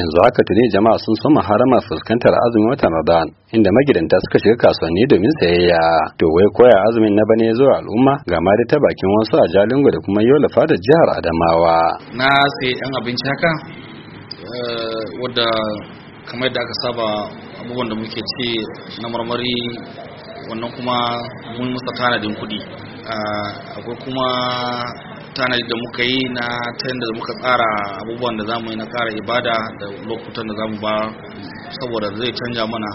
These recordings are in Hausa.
yanzu haka tuni jama'a sun soma harama fuskantar azumin wata ramadan inda magidanta suka shiga kasuwanni domin sayayya to wai koya azumin na bane zuwa al'umma ga ma ta bakin wasu a jalingo da kuma yola fada jihar adamawa na sayi yan abinci haka eh, wadda kamar yadda aka saba abubuwan da muke ce na marmari wannan kuma mun musa tanadin kuɗi ah, akwai kuma tanadi da muka yi na ta yadda muka tsara abubuwan da zamu yi na kara ibada da lokutan da zamu ba saboda zai canja mana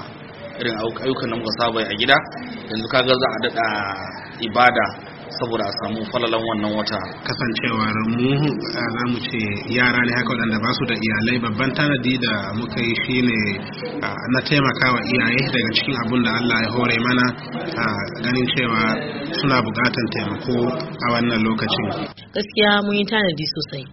irin ayyukan da muka saba a gida yanzu kaga za a daɗa ibada saboda a samu falalan wannan wata kasancewar mu za mu ce yara ne haka waɗanda ba su da iyalai babban tanadi da muka yi ne na taimakawa iyaye daga cikin abun da Allah ya hore mana ganin cewa suna buƙatar taimako a wannan lokacin gaskiya mun yi tanadi sosai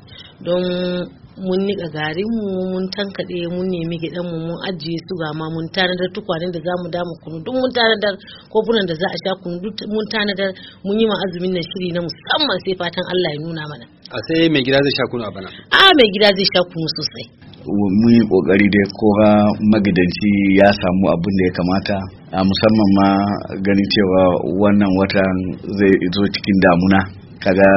don mun niƙa garinmu mun tankaɗe mun nemi gidanmu mun ajiye su ga ma mun tanadar tukwanen da za mu damu kunu duk mun tanadar kofunan da za a sha kunu duk mun tanadar mun yi ma azumin nan shiri na musamman sai fatan Allah ya nuna mana a sai mai gida zai sha kunu a bana a mai gida zai sha kunu sosai mun yi kokari dai koha magidanci ya samu abin da ya kamata a musamman ma ganin cewa wannan watan zai zo cikin damuna kaga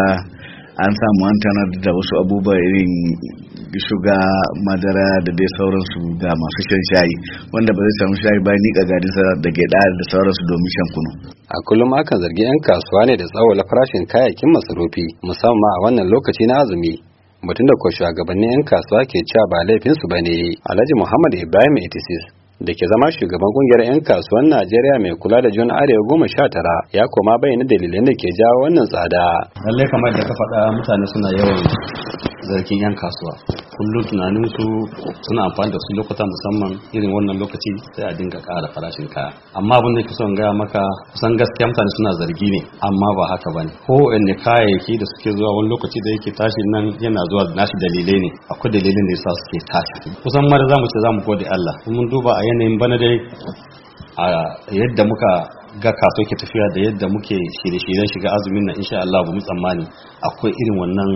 an samu an tanar da wasu abubuwa irin shuga madara da dai sauransu ga masu shan shayi wanda ba zai samu shayi ba ni sa da gyaɗa da sauransu domin shan kunu a kullum akan zargi 'yan kasuwa ne da tsawala farashin kayayyakin masarufi musamman a wannan lokaci na azumi mutum da ko shugabannin 'yan kasuwa ke cewa ba laifinsu ba ne alhaji muhammad ibrahim 86 da ke zama shugaban kungiyar 'yan kasuwan Najeriya mai kula da juna arewa goma sha tara ya koma bayyana dalilan da ke jawo wannan tsada. Lallai kamar da ka faɗa mutane suna yawan zargin 'yan kasuwa. kullum tunanin su suna amfani da su lokuta musamman irin wannan lokaci sai a dinga kara farashin kaya amma abin da ke son gaya maka kusan gaskiya mutane suna zargi ne amma ba haka bane ko wanne kayayyaki da suke zuwa wani lokaci da yake tashi nan yana zuwa da nashi dalilai ne akwai dalilin da yasa suke tashi kusan ma da zamu ce zamu gode Allah mun duba a yanayin bana dai a yadda muka ga kaso ke tafiya da yadda muke shirye-shiryen shiga azumin na insha Allah ba mu tsammani akwai irin wannan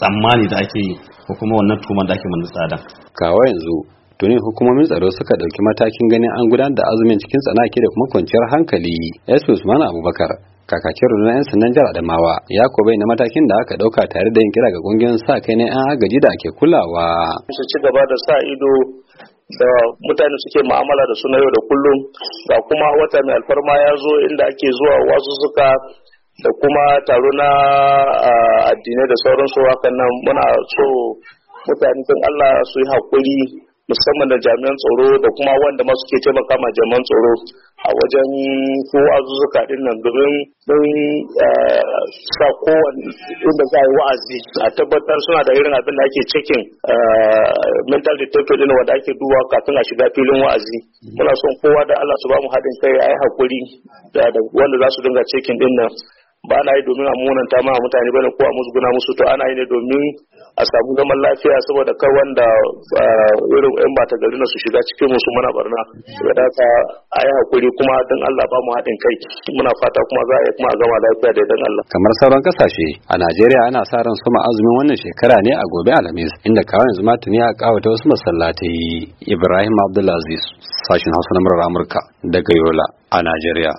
tsammani da ake yi ko kuma wannan tuma da ake mana tsadan kawo yanzu tuni hukumomin tsaro suka ɗauki matakin ganin an gudanar da azumin cikin tsanaki da kuma kwanciyar hankali yesu usman abubakar kakakin rundunar 'yan sandan jihar adamawa ya ko na matakin da aka ɗauka tare da yin kira ga ƙungiyoyin sa kai na 'yan agaji da ake kulawa su ci gaba da sa ido da mutane suke mu'amala da su na yau da kullum ga kuma wata mai alfarma ya zo inda ake zuwa wasu suka da kuma taro na addinai da sauransu hakan nan muna so mutane sun Allah su yi haƙuri musamman da jami'an tsaro da kuma wanda ma suke taimaka ma jami'an tsaro a wajen ko azuzuka din nan domin don sa kowane inda za a yi wa'azi a tabbatar suna da irin abin da ake cikin mental detector din wanda ake duba kafin a shiga filin wa'azi muna son kowa da Allah su ba mu haɗin kai a yi haƙuri da wanda za su dinga cikin din nan ba na yi domin a munanta ma mutane bane ko a musguna musu to ana yi ne domin a samu zaman lafiya saboda kar wanda irin yan bata gari na su shiga cikin musu mana barna saboda haka a yi hakuri kuma dan Allah ba mu haɗin kai muna fata kuma za a yi kuma a gama lafiya da don Allah. kamar sauran kasashe a Najeriya ana sa ran suma azumin wannan shekara ne a gobe Alhamis inda kawai yanzu mata tuni a kawata wasu masallatai Ibrahim Abdulaziz sashin Hausa na Amurka daga Yola a Najeriya.